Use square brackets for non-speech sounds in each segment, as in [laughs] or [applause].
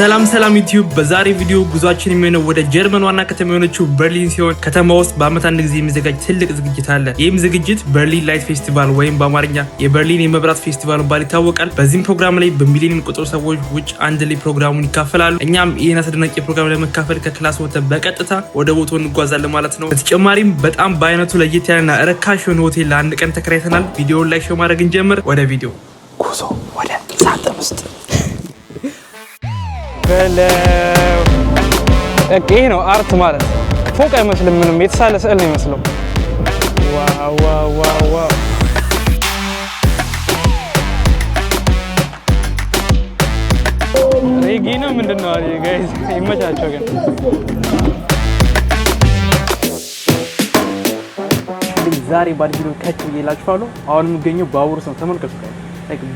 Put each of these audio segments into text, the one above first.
ሰላም ሰላም ዩቲዩብ። በዛሬ ቪዲዮ ጉዟችን የሚሆነው ወደ ጀርመን ዋና ከተማ የሆነችው በርሊን ሲሆን ከተማ ውስጥ በዓመት አንድ ጊዜ የሚዘጋጅ ትልቅ ዝግጅት አለ። ይህም ዝግጅት በርሊን ላይት ፌስቲቫል ወይም በአማርኛ የበርሊን የመብራት ፌስቲቫል ባል ይታወቃል። በዚህም ፕሮግራም ላይ በሚሊዮን የሚቆጠሩ ሰዎች ውጭ አንድ ላይ ፕሮግራሙን ይካፈላሉ። እኛም ይህን አስደናቂ ፕሮግራም ለመካፈል ከክላስ ወተን በቀጥታ ወደ ቦታው እንጓዛለን ማለት ነው። በተጨማሪም በጣም በአይነቱ ለየት ያለና ረካሽ የሆነ ሆቴል ለአንድ ቀን ተከራይተናል። ቪዲዮን ላይ ሾ ማድረግ እንጀምር። ወደ ቪዲዮ ጉዞ ወደ ሳጥን ውስጥ በለው። ይሄ ነው አርት ማለት። ፎቅ አይመስልም፣ ምንም የተሳለ ስዕል ነው ይመስለው። ሬጌ ነው ምንድን ነው? ጋይዝ ይመቻቸው ግን ዛሬ ባድ ከች ብዬላችኋለሁ። አሁን የሚገኘው ባቡር ነው። ተመልከቱ።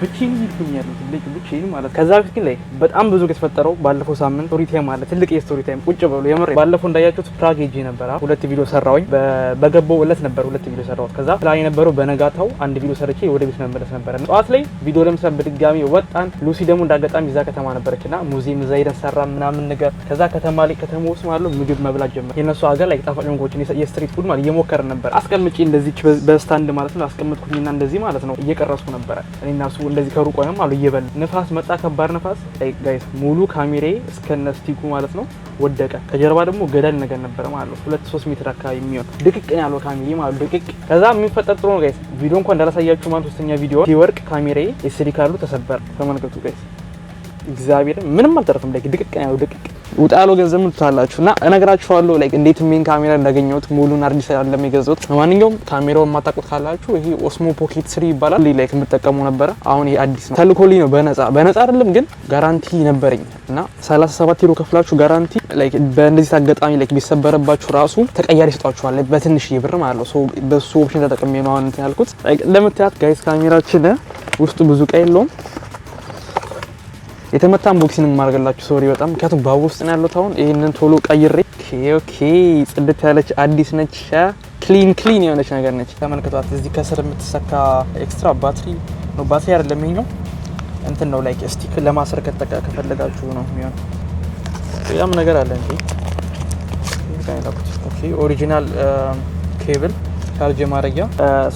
ብቻዬን ሄድኩኝ ያሉት ብቻዬን ማለት ከዛ ፊት ግን ላይ በጣም ብዙ የተፈጠረው ባለፈው ሳምንት ስቶሪ ታይም አለ ትልቅ የስቶሪ ታይም ቁጭ ብሎ የምር ባለፈው እንዳያችሁት ፕራግ ሄጄ ነበረ ሁለት ቪዲዮ ሰራሁኝ በገባው እለት ነበር ሁለት ቪዲዮ ሰራሁት ከዛ ፕላን የነበረው በነጋታው አንድ ቪዲዮ ሰርቼ ወደ ቤት መመለስ ነበረ ጠዋት ላይ ቪዲዮ ለመስራት በድጋሚ ወጣን ሉሲ ደግሞ እንዳጋጣሚ እዛ ከተማ ነበረች እና ሙዚየም እዛ ሄደን ሰራ ምናምን ነገር ከዛ ከተማ ላይ ከተማ ውስጥ ማለ ምግብ መብላት ጀመር የነሱ ሀገር ላይ ጣፋጭ ምግቦችን የስትሪት ፉድ ማለት እየሞከርን ነበር አስቀምጬ እንደዚህ በስታንድ ማለት ነው አስቀምጥኩኝና እንደዚህ ማለት ነው እየቀረስኩ ነበረ እኔና የሚያሱ እንደዚህ ከሩቅ ሆነም አሉ እየበል ንፋስ መጣ፣ ከባድ ንፋስ ጋይስ። ሙሉ ካሜሬ እስከነ ስቲኩ ማለት ነው ወደቀ። ከጀርባ ደግሞ ገደል ነገር ነበረ ማለት ነው። ሁለት ሶስት ሜትር አካባቢ የሚሆን ድቅቅ ያለው ካሜሬ ማለት ድቅቅ። ከዛ የሚፈጠር ጥሩ ነው ጋይስ። ቪዲዮ እንኳ እንዳላሳያችሁ ማለት ሶስተኛ ቪዲዮ ሲወርቅ ካሜሬ ኤስዲ ካርዱ ተሰበረ። ተመልከቱ ጋይስ፣ እግዚአብሔር ምንም አልተረፍም። ላይ ድቅቅ ያለው ድቅቅ ውጣ ያለው ገንዘብ ምትታላችሁ እና እነግራችኋለሁ ላይክ እንዴት ሜን ካሜራ እንዳገኘሁት ሙሉን አዲስ አይደለም የገዛሁት። ለማንኛውም ካሜራውን የማታውቁት ካላችሁ ይሄ ኦስሞ ፖኬት ስሪ ይባላል። ላይክ የምጠቀሙ ነበረ። አሁን ይሄ አዲስ ነው፣ ተልኮልኝ ነው በነጻ በነጻ አይደለም ግን ጋራንቲ ነበረኝ እና 37 ዩሮ ከፍላችሁ ጋራንቲ ላይክ በእንደዚህ አጋጣሚ ላይክ ቢሰበረባችሁ ራሱ ተቀያሪ ይሰጧችኋል በትንሽ ብር ማለት ነው። ሶ በሱ ኦፕሽን ተጠቅሜ ማሆን እንትን ያልኩት። ላይክ እንደምታያት ጋይስ ካሜራችን ውስጡ ብዙ ቀይ የለውም የተመታን ቦክሲንግ ማድረግላችሁ ሶሪ በጣም ምክንያቱም ባቡር ውስጥ ነው ያለሁት አሁን ይህንን ቶሎ ቀይሬ ኦኬ ጽድት ያለች አዲስ ነች ክሊን ክሊን የሆነች ነገር ነች ተመልክቷት እዚህ ከስር የምትሰካ ኤክስትራ ባትሪ ነው ባትሪ አይደለም ይሄኛው እንትን ነው ላይክ ስቲክ ለማሰር ከተጠቀ ከፈለጋችሁ ነው የሚሆን በጣም ነገር አለ እንዴ ኦሪጂናል ኬብል ቻርጅ ማድረጊያ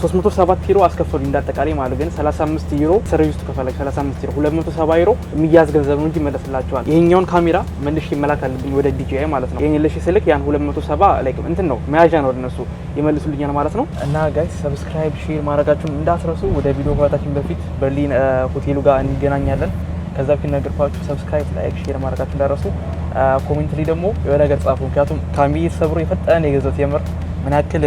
307 ዩሮ አስከፈሉ እንዳጠቃላይ ማለት ግን 35 ዩሮ ሰርቪስ ከፈለግ 35 ዩሮ 270 ዩሮ የሚያዝ ገንዘብ ነው እንጂ ይመለስላቸዋል። ይሄኛውን ካሜራ መልሼ መላክ አለብኝ ወደ ዲጂአይ ማለት ነው። ይሄን ልሽ ስልክ ያን 270 ላይክ እንትን ነው መያዣ ነው እነሱ ይመልሱልኛል ማለት ነው። እና ጋይስ ሰብስክራይብ፣ ሼር ማድረጋችሁን እንዳትረሱ። ወደ ቪዲዮ ማለታችን በፊት በርሊን ሆቴሉ ጋር እንገናኛለን። ከዛ በፊት ነገርኳችሁ ሰብስክራይብ፣ ላይክ፣ ሼር ማድረጋችሁ እንዳረሱ። ኮሜንት ላይ ደግሞ የሆነ ነገር ጻፉ። ምክንያቱም ካሜ ሰብሮ የፈጠነ የገዛሁት የምር ምን ያክል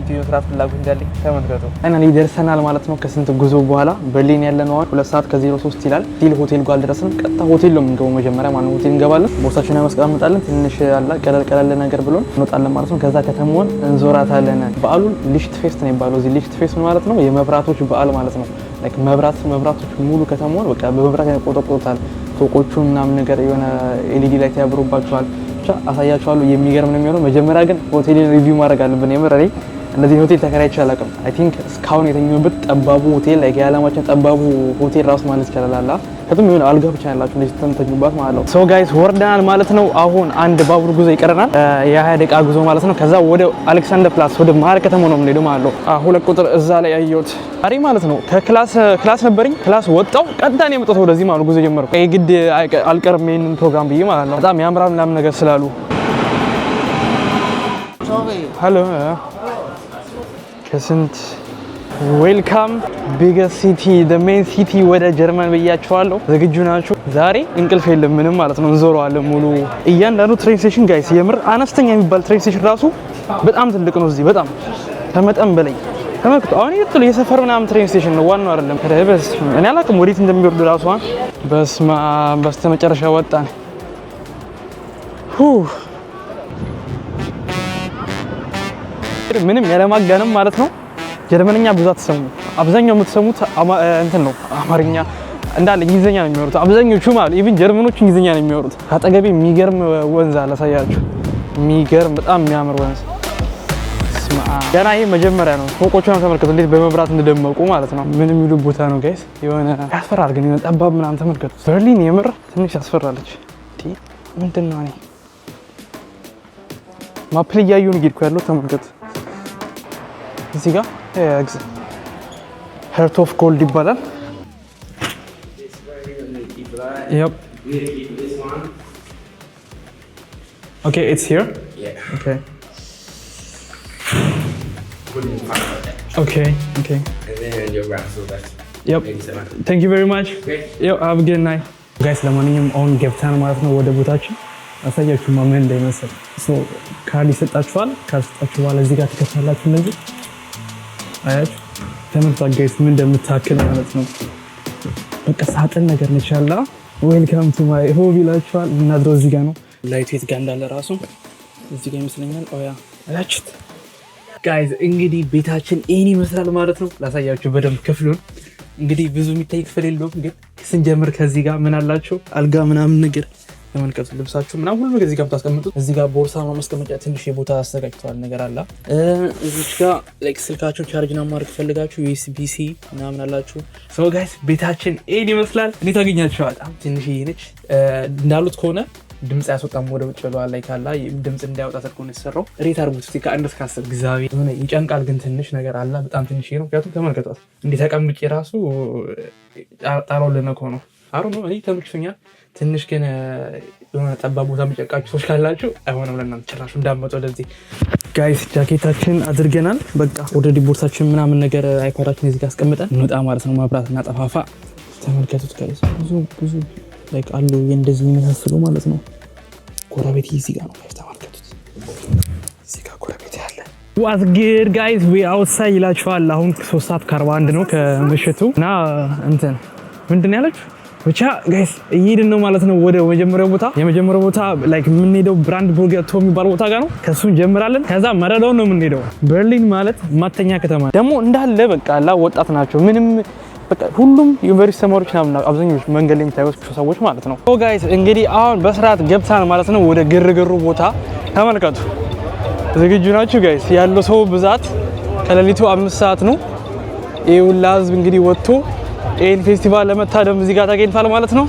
ኢትዮ ስራ ፍላጎት እንዳለኝ ተመልከቱ እና ደርሰናል ማለት ነው። ከስንት ጉዞ በኋላ በርሊን ያለነው አሁን ሁለት ሰዓት ከዜሮ ሶስት ይላል። ዲል ሆቴል ጋር አልደረስንም። ቀጥታ ሆቴል ነው የምንገባው። መጀመሪያ ማነው ሆቴል እንገባለን፣ ቦርሳችን ያስቀምጣለን። ትንሽ ያላ ቀለል ቀለል ነገር ብሎን እንወጣለን ማለት ነው። ከዛ ከተማውን እንዞራታለን። በዓሉ ሊሽት ፌስት ነው የሚባለው። እዚህ ሊሽት ፌስት ማለት ነው የመብራቶች በዓል ማለት ነው። መብራት መብራቶች ሙሉ ከተማውን በቃ በመብራት ያቆጠቁጡታል። ፎቆቹ ምናምን ነገር የሆነ ኤልኢዲ ላይ ተያብሮባቸዋል። ብቻ አሳያችኋለሁ። የሚገርም ነው የሚሆነው። መጀመሪያ ግን ሆቴልን ሪቪው ማድረግ አለብን። የምር እኔ እነዚህ ሆቴል ተከራይቼ አላውቅም። አይ ቲንክ እስካሁን የተኘሁበት ጠባቡ ሆቴል ላይ የዓለማችን ጠባቡ ሆቴል ራሱ ማለት ይቻላል። ከዚም የሆነ አልጋ ብቻ ያላችሁ እንደዚህ ተንተኙባት ማለት ነው። ሶ ጋይስ ወርደናል ማለት ነው። አሁን አንድ ባቡር ጉዞ ይቀረናል፣ የሀያ ደቂቃ ጉዞ ማለት ነው። ከዛ ወደ አሌክሳንደር ፕላስ ወደ መሀል ከተማ ነው የምንሄደው ማለት ነው። ሁለት ቁጥር እዛ ላይ ያየሁት አሪ ማለት ነው። ከክላስ ክላስ ነበርኝ፣ ክላስ ወጣው ቀጥታ ነው የመጣሁት ወደዚህ ማለት ጉዞ ጀመርኩ። የግድ አልቀርም ይሄንን ፕሮግራም ብዬ ማለት ነው። በጣም ያምራል ምናምን ነገር ስላሉ ሄሎ ከስንት ዌልካም ቢገር ሲቲ ሜን ሲቲ ወደ ጀርመን ብያቸዋለሁ። ዝግጁ ናችሁ? ዛሬ እንቅልፍ የለም ምንም ማለት ነው። እንዞረዋለን ሙሉ እያንዳንዱ ትሬን ስቴሽን ጋይስ፣ የምር አነስተኛ የሚባል ትሬን ስቴሽን ራሱ በጣም ትልቅ ነው። እዚህ በጣም ከመጠን በላይ ተመክቶ አሁን ይጥሉ የሰፈር ምናምን ትሬን ስቴሽን ነው ዋናው አይደለም። ከደበስ እኔ አላውቅም ወዴት እንደሚወርዱ ራሱ። በስመ አብ በስተመጨረሻ ወጣን። ምንም ያለማጋነም ማለት ነው ጀርመንኛ ብዙ አትሰሙ። አብዛኛው የምትሰሙት እንትን ነው አማርኛ እንዳለ እንግሊዝኛ ነው የሚወሩት አብዛኞቹ ማለት ኢቭን ጀርመኖቹ እንግሊዝኛ ነው የሚወሩት። አጠገቤ የሚገርም ወንዝ አለ ሳያችሁ፣ የሚገርም በጣም የሚያምር ወንዝ ገና ይሄ መጀመሪያ ነው። ፎቆቹን ተመልከቱ እንዴት በመብራት እንደደመቁ ማለት ነው። ምን የሚሉ ቦታ ነው ጋይስ። የሆነ ያስፈራል ግን የሆነ ጠባብ ምናምን ተመልከቱ። በርሊን የምር ትንሽ ያስፈራለች። ምንድን ነው እኔ ማፕል እያዩ ነው እየሄድኩ ያለው ተመልከቱ እዚህ ጋር Heart of Gold ይባላል። Yep. Okay, it's here. Yeah. Okay. Okay. Okay. And Thank you very much. Yep, have a good night. ጋይስ ለማንኛውም አሁን ገብተን ማለት ነው ወደ ቦታችን አሳያችሁ ማመን እንዳይመስል ካርድ ይሰጣችኋል። ካርድ ሰጣችሁ በኋላ እዚህ ጋር ትከፍታላችሁ እንደዚህ አያችሁ ተመልካች ጋይስ ምን እንደምታክል ማለት ነው። በቃ ሳጥን ነገር ነች ያላ። ዌልካም ቱ ማይ ሆም ይላችኋል። የምናድረው እዚህ ጋር ነው። ላይቱ የት ጋር እንዳለ ራሱ እዚህ ጋር ይመስለኛል። ኦያ አያችሁት ጋይዝ። እንግዲህ ቤታችን ይህን ይመስላል ማለት ነው። ላሳያችሁ በደንብ ክፍሉን። እንግዲህ ብዙ የሚታይ ክፍል የለውም፣ ግን ስንጀምር ከዚህ ጋር ምን አላቸው አልጋ ምናምን ነገር ተመልከቱ። ልብሳችሁ ምናምን ሁሉ እዚህ ጋር ብታስቀምጡት እዚህ ጋር ቦርሳ ማስቀመጫ ትንሽ የቦታ አዘጋጅተዋል ነገር አለ። እዚች ጋር ላይክ ስልካችሁን ቻርጅና ማድረግ ፈልጋችሁ ዩኤስቢሲ ምናምን አላችሁ። ሰው ጋይስ ቤታችን ኤን ይመስላል። እኔ ታገኛችኋል። በጣም ትንሽ ነች እንዳሉት ከሆነ ድምፅ ያስወጣም ወደ ውጭ ብለዋል ላይ ካላ ድምፅ እንዳያወጣ ተድጎ ነው የተሰራው። ሬት አርጉት እስኪ ከአንድ እስከ አስር ግዛቤ ሆነ ይጨንቃል፣ ግን ትንሽ ነገር አላ በጣም ትንሽ ነው። ምክንያቱም ተመልከቷት እንዲህ ተቀምጬ ራሱ ጣራው ልነኮ ነው አሩ ነው። እኔ ተመችቶኛል። ትንሽ ግን uh, የሆነ ጠባብ ቦታ የሚጨቃችሁ ሰዎች ካላችሁ አይሆንም ለእናንተ ጭራሹ እንዳመጡ። ወደዚህ ጋይስ ጃኬታችን አድርገናል። በቃ ወደ ቦርሳችን ምናምን ነገር አይፓዳችን እዚህ ጋር አስቀምጠን ማለት ነው። መብራት እና ጠፋፋ ተመልከቱት ጋይስ። ብዙ ብዙ አሉ እንደዚህ የሚመሳስሉ ማለት ነው። ጎረቤት እዚህ ነው ተመልከቱት። እዚህ ጎረቤት ያለ ዋት ዊ ይላችኋል። አሁን ሶስት ሰዓት ከአርባ አንድ ነው ከምሽቱ እና እንትን ምንድን ያለችው ብቻ ጋይስ እየሄድን ነው ማለት ነው ወደ መጀመሪያው ቦታ። የመጀመሪያው ቦታ ላይክ የምንሄደው ብራንድ ቶ የሚባል ቦታ ጋር ነው። ከሱ እንጀምራለን። ከዛ መረዳውን ነው የምንሄደው። በርሊን ማለት ማተኛ ከተማ ደግሞ እንዳለ በቃ ላ ወጣት ናቸው ምንም በቃ ሁሉም ዩኒቨርሲቲ ተማሪዎች ናምና አብዛኞቹ መንገድ ላይ የምታዩት ሰዎች ማለት ነው። ኦ ጋይስ እንግዲህ አሁን በስርዓት ገብታን ማለት ነው ወደ ግርግሩ ቦታ ተመልከቱ። ዝግጁ ናችሁ ጋይስ? ያለው ሰው ብዛት ከሌሊቱ አምስት ሰዓት ነው። ይህ ሁላ ህዝብ እንግዲህ ወጥቶ ይህን ፌስቲቫል ለመታደም እዚህ ጋር ተገኝቷል ማለት ነው።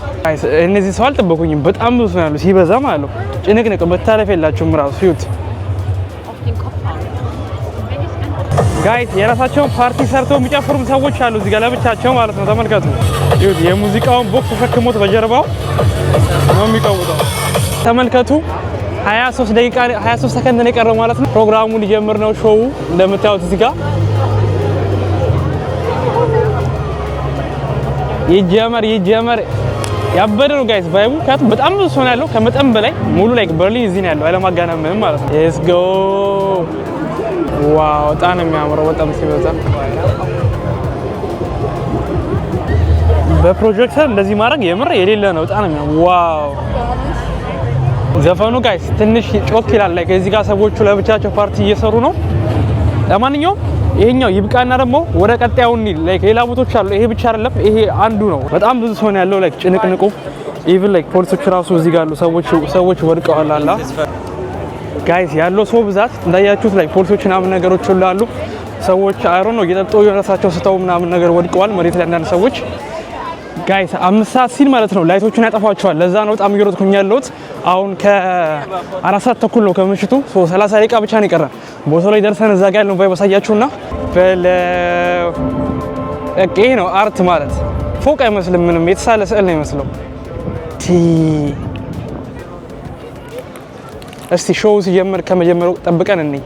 እነዚህ ሰው አልጠበኩኝም። በጣም ብዙ ነው ያሉ፣ ሲበዛ ማለት ነው። ጭንቅንቅ መታለፍ የላችሁም ራሱ ዩት ጋይስ የራሳቸውን ፓርቲ ሰርተው የሚጨፍሩም ሰዎች አሉ እዚህ ጋር ለብቻቸው ማለት ነው። ተመልከቱ ይሁት የሙዚቃውን ቦክስ ተሸክሞት በጀርባው ነው የሚቀውጠው። ተመልከቱ 23 ደቂቃ 23 ሰከንድ ነው የቀረው ማለት ነው። ፕሮግራሙ ሊጀምር ነው ሾው እንደምታዩት እዚህ ጋር ይጀመር ይጀመር ያበደ ነው ጋይስ ቫይቡ። ምክንያቱም በጣም ብዙ ሰው ነው ያለው ከመጠን በላይ ሙሉ ላይ በርሊን እዚህ ነው ያለው አለማጋነን ምንም ማለት ነው። ሌትስ ጎ ዋው! በጣም ነው የሚያምረው በጣም ሲበዛ። በፕሮጀክተር እንደዚህ ማድረግ የምር የሌለ ነው። በጣም ነው ዋው! ዘፈኑ ጋይስ ትንሽ ጮክ ይላል። ላይክ እዚህ ጋር ሰዎቹ ለብቻቸው ፓርቲ እየሰሩ ነው። ለማንኛውም ይሄኛው ይብቃና ደግሞ ወደ ቀጣዩ እንሂድ። ላይክ ሌላ ቦታዎች አሉ። ይሄ ብቻ አይደለም፣ ይሄ አንዱ ነው። በጣም ብዙ ሰው ነው ያለው። ላይክ ጭንቅንቁ ኢቭን ላይክ ፖሊሶች ራሱ እዚህ ጋር አሉ። ሰዎች ሰዎች ወድቀዋል አላ ጋይስ ያለው ሰው ብዛት እንዳያችሁት ላይ ፖሊሶች ምናምን ነገሮች ሁሉ አሉ። ሰዎች አይሮ ነው እየጠጡ የራሳቸው ስተው ምናምን ነገር ወድቀዋል መሬት ላይ አንዳንድ ሰዎች ጋይስ አምስት ሰዓት ሲል ማለት ነው ላይቶቹን ያጠፋቸዋል። ለዛ ነው በጣም እየሮጥኩኝ ያለሁት። አሁን ከአራት ሰዓት ተኩል ነው ከምሽቱ 30 ደቂቃ ብቻ ነው የቀረን። ቦታው ላይ ደርሰን እዛ ጋር ያለውን ቫይብ አሳያችሁና ይሄ ነው አርት ማለት። ፎቅ አይመስልም፣ ምንም የተሳለ ስዕል ነው ይመስለው። እስቲ ሾው ሲጀምር ከመጀመሩ ጠብቀን እንይ።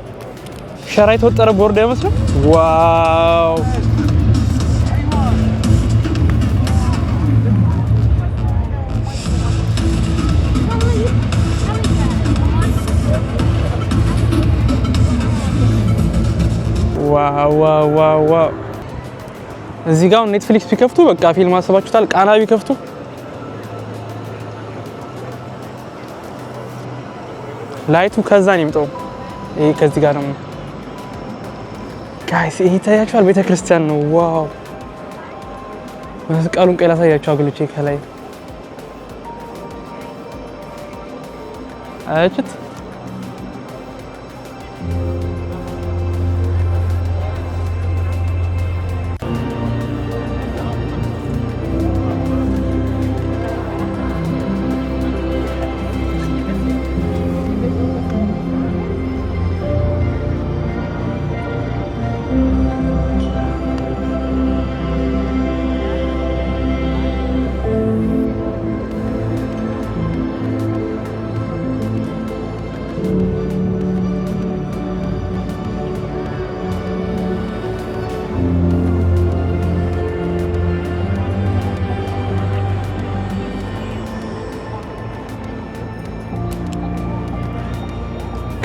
ሸራ የተወጠረ ቦርድ አይመስልም? ዋው እዚህ ጋር ኔትፍሊክስ ቢከፍቱ በቃ ፊልም አስባችሁታል። ቃና ቢከፍቱ ላይቱ ከዛ ነው የሚጠው። ይሄ ከዚህ ጋር ደግሞ ጋይስ ይሄ ይታያችኋል፣ ቤተ ክርስቲያን ነው። ዋው መስቀሉን ቀይ ላሳያችሁ አግሎቼ ከላይ አያችሁት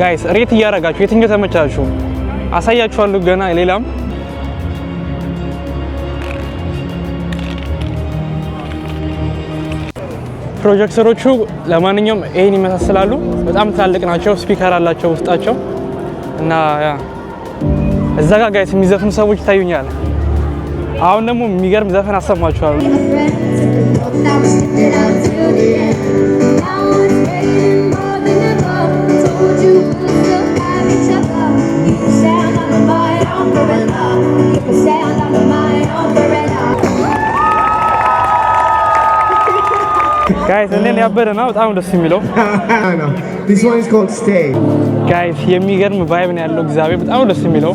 ጋይስ ሬት እያደረጋችሁ የትኛው ተመቻችሁ? አሳያችኋለሁ ገና ሌላም ፕሮጀክተሮቹ ለማንኛውም ይህን ይመሳሰላሉ። በጣም ትላልቅ ናቸው። ስፒከር አላቸው ውስጣቸው እና እዛ ጋ ጋይስ የሚዘፍኑ ሰዎች ይታዩኛል። አሁን ደግሞ የሚገርም ዘፈን አሰማችኋል። ጋይስ እኔን ያበደ ነው በጣም ደስ የሚለው ጋይስ፣ [laughs] የሚገርም ቫይብ ነው ያለው። እግዚአብሔር በጣም ደስ የሚለው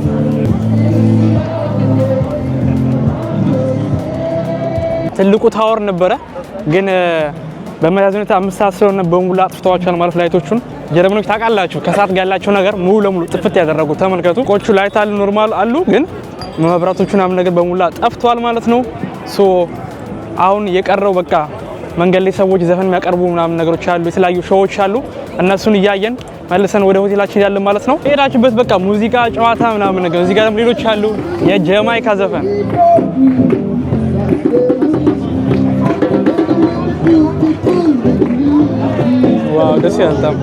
ትልቁ ታወር ነበረ፣ ግን በመያዝ ሁኔታ አምስት ሰዓት ስለሆነ በሙሉ አጥፍተዋቸዋል ማለት ላይቶቹን። ጀርመኖች ታውቃላችሁ ከሰዓት ጋር ያላቸው ነገር ሙሉ ለሙሉ ጥፍት ያደረጉ ተመልከቱ። ቆቹ ላይት አሉ ኖርማል አሉ፣ ግን መብራቶቹ ምናምን ነገር በሙላ ጠፍተዋል ማለት ነው። ሶ አሁን የቀረው በቃ መንገድ ላይ ሰዎች ዘፈን የሚያቀርቡ ምናምን ነገሮች አሉ፣ የተለያዩ ሾዎች አሉ። እነሱን እያየን መልሰን ወደ ሆቴላችን ሄዳለን ማለት ነው። ሄዳችሁበት በቃ ሙዚቃ፣ ጨዋታ ምናምን ነገር። እዚህ ጋር ሌሎች አሉ፣ የጀማይካ ዘፈን ዋው፣ ደስ ይላል በጣም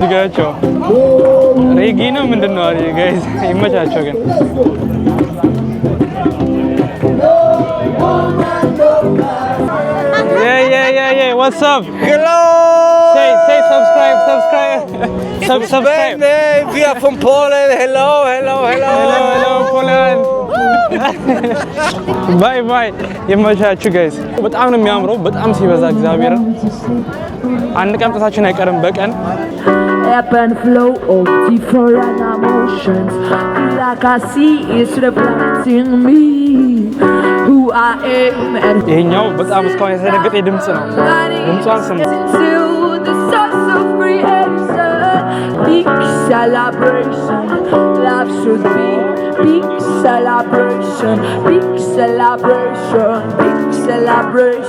ዝጋቸው ሬጊ ነው ምንድን ነው? ጋይዝ ይመቻቸው ግን ባይ ባይ። [laughs] [laughs] ይመቻችሁ ጋይዝ። በጣም ነው የሚያምረው። በጣም ሲበዛ እግዚአብሔርን አንድ ቀን ጥሳችን አይቀርም በቀን ይሄኛው በጣም እስካሁን የተደነገጠ ድምፅ ነው። ድምጿን ስሙ። Big celebration, big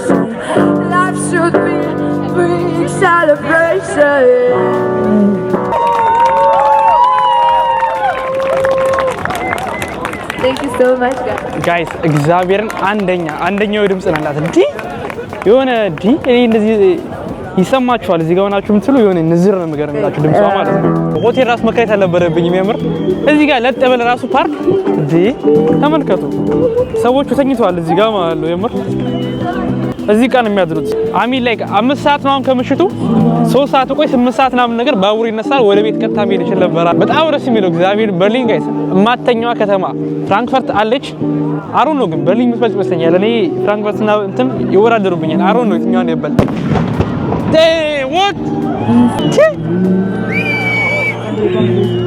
celebration. Life should be every celebration. ጋይስ እግዚአብሔርን አንደኛ አንደኛው ድምፅ ናላት እንዲ የሆነ ዲ እኔ እንደዚህ ይሰማችኋል። እዚህ ጋር ሆናችሁ የሆነ ንዝር ነው ማለት ነው። ሆቴል ራሱ መከራየት አልነበረብኝ። የሚያምር እዚህ ጋር ለጥ ራሱ ፓርክ ተመልከቱ። ሰዎቹ ተኝተዋል እዚህ ጋር ማለት ነው የምር እዚህ ቀን የሚያድሩት አሚን ላይ አምስት ሰዓት ምናምን ከምሽቱ ሶስት ሰዓት ቆይ ስምንት ሰዓት ምናምን ነገር ባቡር ይነሳል ወደ ቤት ቀጥታ መሄድ ይችል ነበረ። በጣም ደስ የሚለው እግዚአብሔር በርሊን ጋይስ እማተኛዋ ከተማ ፍራንክፈርት አለች። አሮ ነው ግን በርሊን የምትበልጥ ይመስለኛል። እኔ ፍራንክፈርት እና እንትን ይወዳደሩብኛል። አሮ ነው የትኛውን የበልጥ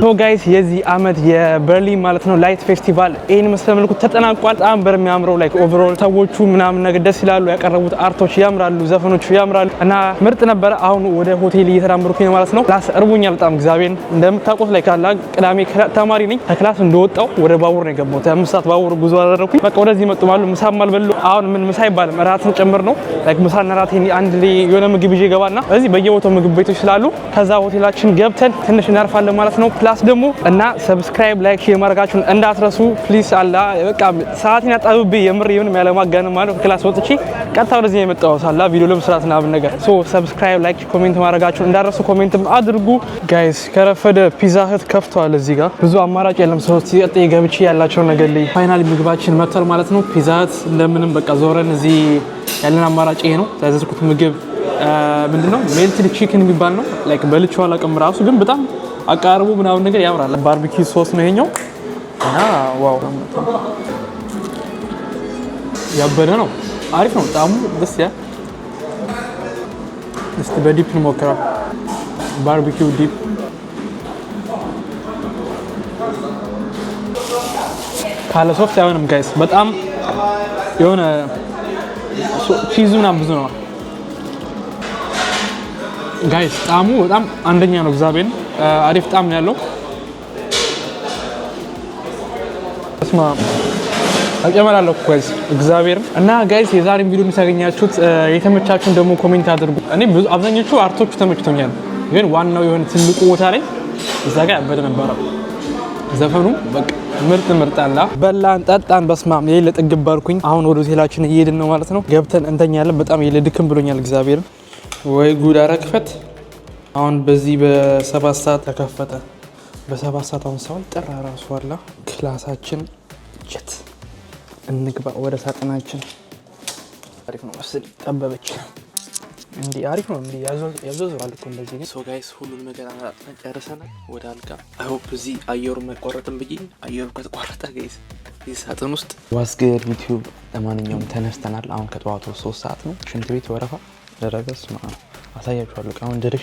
ሶ ጋይስ የዚህ አመት የበርሊን ማለት ነው ላይት ፌስቲቫል ይህን መሰለ መልኩ ተጠናቋል። በጣም በሚያምረው ላይ ኦቨሮል ሰዎቹ ምናምን ነገር ደስ ይላሉ። ያቀረቡት አርቶች ያምራሉ፣ ዘፈኖቹ ያምራሉ እና ምርጥ ነበረ። አሁን ወደ ሆቴል እየተዳመርኩ ነው ማለት ነው። ክላስ እርቦኛል በጣም እግዚአብሔርን። እንደምታውቁት ላይ ካላ ቅዳሜ ተማሪ ነኝ። ከክላስ እንደወጣው ወደ ባቡር ነው የገባሁት። አምስት ሰዓት ባቡር ጉዞ አደረኩኝ። በቃ ወደዚህ መጡ ማለት ምሳም አልበሉ። አሁን ምን ምሳ አይባልም እራትን ጭምር ነው። ላይክ ምሳና እራት አንድ ላይ የሆነ ምግብ ይዤ ገባና እዚህ በየቦታው ምግብ ቤቶች ስላሉ ከዛ ሆቴላችን ገብተን ትንሽ እናርፋለን። እንሰራለን ማለት ነው። ፕላስ ደግሞ እና ሰብስክራይብ ላይክ ሼር ማድረጋችሁን እንዳትረሱ ፕሊስ። አላ በቃ ሰዓት አጣብብ የምር ይሁን ያለማጋነ ማለት ክላስ ወጥቼ ቀጥታ ወደዚህ የመጣሁት አላ ቪዲዮ ለመስራት ምናምን ነገር ሶ ሰብስክራይብ ላይክ ኮሜንት ማድረጋችሁን እንዳትረሱ። ኮሜንትም አድርጉ ጋይስ። ከረፈደ ፒዛ ህት ከፍቷል። እዚህ ጋር ብዙ አማራጭ የለም። ሰዎች ሲጠጥ ገብቼ ያላቸው ነገር ላይ ፋይናል ምግባችን መጥቷል ማለት ነው። ፒዛ ህት እንደምንም በቃ ዞረን እዚህ ያለን አማራጭ ይሄ ነው። ያዘዝኩት ምግብ ምንድነው? ሜልትድ ቺክን የሚባል ነው። ላይክ በልቼው አላውቅም ራሱ ግን በጣም አቃርቡ ምናምን ነገር ያምራል። ባርቢኪ ሶስ ነው ይሄኛው እና ዋው ያበደ ነው። አሪፍ ነው ጣሙ ደስ ያ እስቲ በዲፕ እንሞክረው። ባርቢኪው ዲፕ ካለ ሶፍት አይሆንም ጋይስ። በጣም የሆነ ቺዙ ምናምን ብዙ ነው ጋይስ። ጣሙ በጣም አንደኛ ነው እግዚአብሔር አሪፍ ጣዕም ነው ያለው። ስማ እጨምራለሁ ኮዝ እግዚአብሔር እና ጋይስ የዛሬን ቪዲዮ የሚያገኛችሁት የተመቻችሁን ደግሞ ኮሜንት አድርጉ። እኔ ብዙ አብዛኞቹ አርቶቹ ተመችቶኛል፣ ግን ዋናው የሆነ ትልቁ ቦታ ላይ እዛ ጋር ያበደ ነበረ ዘፈኑ በቃ ምርጥ ምርጥ አላ በላን ጠጣን። በስማም የሌለ ጥግብ ባልኩኝ። አሁን ወደ ሆቴላችን እየሄድን ነው ማለት ነው። ገብተን እንተኛለን። በጣም የሌለ ድክም ብሎኛል። እግዚአብሔርን ወይ ጉድ አረ ክፈት አሁን በዚህ በሰባት ሰዓት ተከፈተ። በሰባት ሰዓት አሁን ሰው ጠራ ራሱ አለ። ክላሳችን ጀት እንግባ ወደ ሳጥናችን። አሪፍ ነው መሰለኝ ጠበበች። እንዲህ አሪፍ ነው እንዲህ ያዘዘዋል እኮ እንደዚህ ግን። ሶ ጋይስ ሁሉን ነገር አመጣጥና ጨርሰናል። ወደ አልጋ አይሆፕ እዚህ አየሩ መቆረጥን ብዬ አየሩ ከተቋረጠ ጋይስ እዚህ ሳጥን ውስጥ ዋስገር ዩቲዩብ። ለማንኛውም ተነስተናል። አሁን ከጠዋቱ ሶስት ሰዓት ነው። ሽንት ቤት ወረፋ ደረገስ ስማ አሳያችኋለሁ። አሁን ደርሼ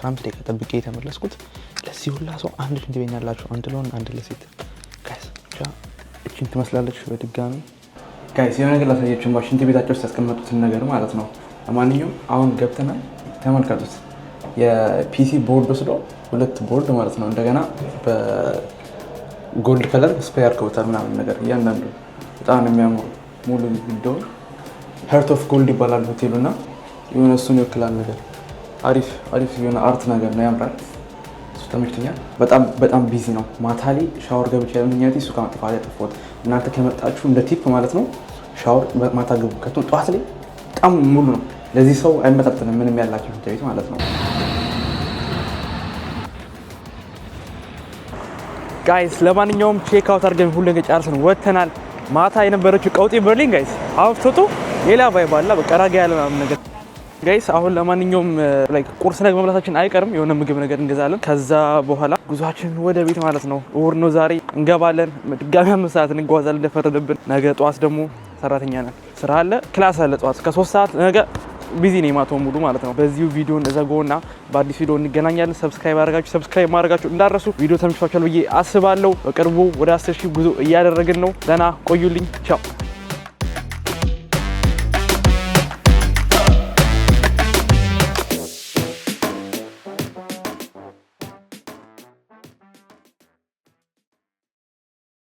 ሳምንት ደቂቃ ጠብቄ የተመለስኩት ለዚህ ሁላ ሰው አንድ ሽንት ቤት ያላቸው አንድ ለሆን አንድ ለሴት ጋይስ ብቻ እችን ትመስላለች። በድጋሚ ጋይስ የሆነ ነገር ላሳያችን ሽንት ቤታቸው ውስጥ ያስቀመጡትን ነገር ማለት ነው። ለማንኛውም አሁን ገብተናል። ተመልከቱት። የፒሲ ቦርድ ወስዶ ሁለት ቦርድ ማለት ነው እንደገና በጎልድ ከለር ስፓ ያርከውታል ምናምን ነገር እያንዳንዱ በጣም የሚያምሩ ሙሉ ግድግዳውን ሀርት ኦፍ ጎልድ ይባላል ሆቴሉ እና የሆነ እሱን ይወክላል ነገር አሪፍ አሪፍ የሆነ አርት ነገር ነው፣ ያምራል። እሱ ተመችቶኛል። በጣም በጣም ቢዚ ነው። ማታ ላይ ሻወር ገብቼ ምክንያት እሱ ከመጥፋት ያጠፋሁት። እናንተ ከመጣችሁ እንደ ቲፕ ማለት ነው ሻወር ማታ ገቡ። ከቶ ጠዋት ላይ በጣም ሙሉ ነው። ለዚህ ሰው አይመጣጥንም ምንም ያላቸው ሽንት ቤት ማለት ነው። ጋይስ ለማንኛውም ቼክ አውት አድርገን ሁሉ ነገር ጨርሰን ወጥተናል። ማታ የነበረችው ቀውጤ በርሊን ጋይስ አሁን ስትወጡ ሌላ ቫይብ አለ። በቃ ራጋ ያለ ምናምን ነገር ጋይስ አሁን ለማንኛውም ላይክ uh, ቁርስ ነገር መብላታችን አይቀርም። የሆነ ምግብ ነገር እንገዛለን። ከዛ በኋላ ጉዟችን ወደ ቤት ማለት ነው። እሑድ ነው ዛሬ። እንገባለን፣ ድጋሚ አምስት ሰዓት እንጓዛለን እንደፈረደብን። ነገ ጠዋት ደግሞ ሰራተኛ ነን፣ ስራ አለ፣ ክላስ አለ። ጠዋት ከሶስት ሰዓት ነገ ቢዚ ነው የማታውን ሙሉ ማለት ነው። በዚሁ ቪዲዮን እዘጋውና በአዲስ ቪዲዮ እንገናኛለን። ሰብስክራይብ አድርጋችሁ ሰብስክራይብ ማድረጋችሁ እንዳረሱ። ቪዲዮ ተመችቷችኋል ብዬ አስባለሁ። በቅርቡ ወደ አስር ሺህ ጉዞ እያደረግን ነው። ደህና ቆዩልኝ። ቻው